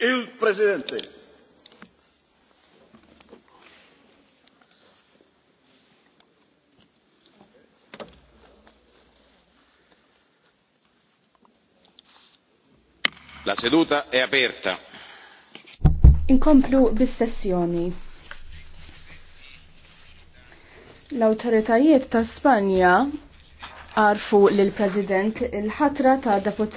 Il-Presidente. La seduta è aperta. Inkomplu bis-sessjoni. L-autoritajiet ta' Spanja għarfu l-President il-ħatra ta' deputat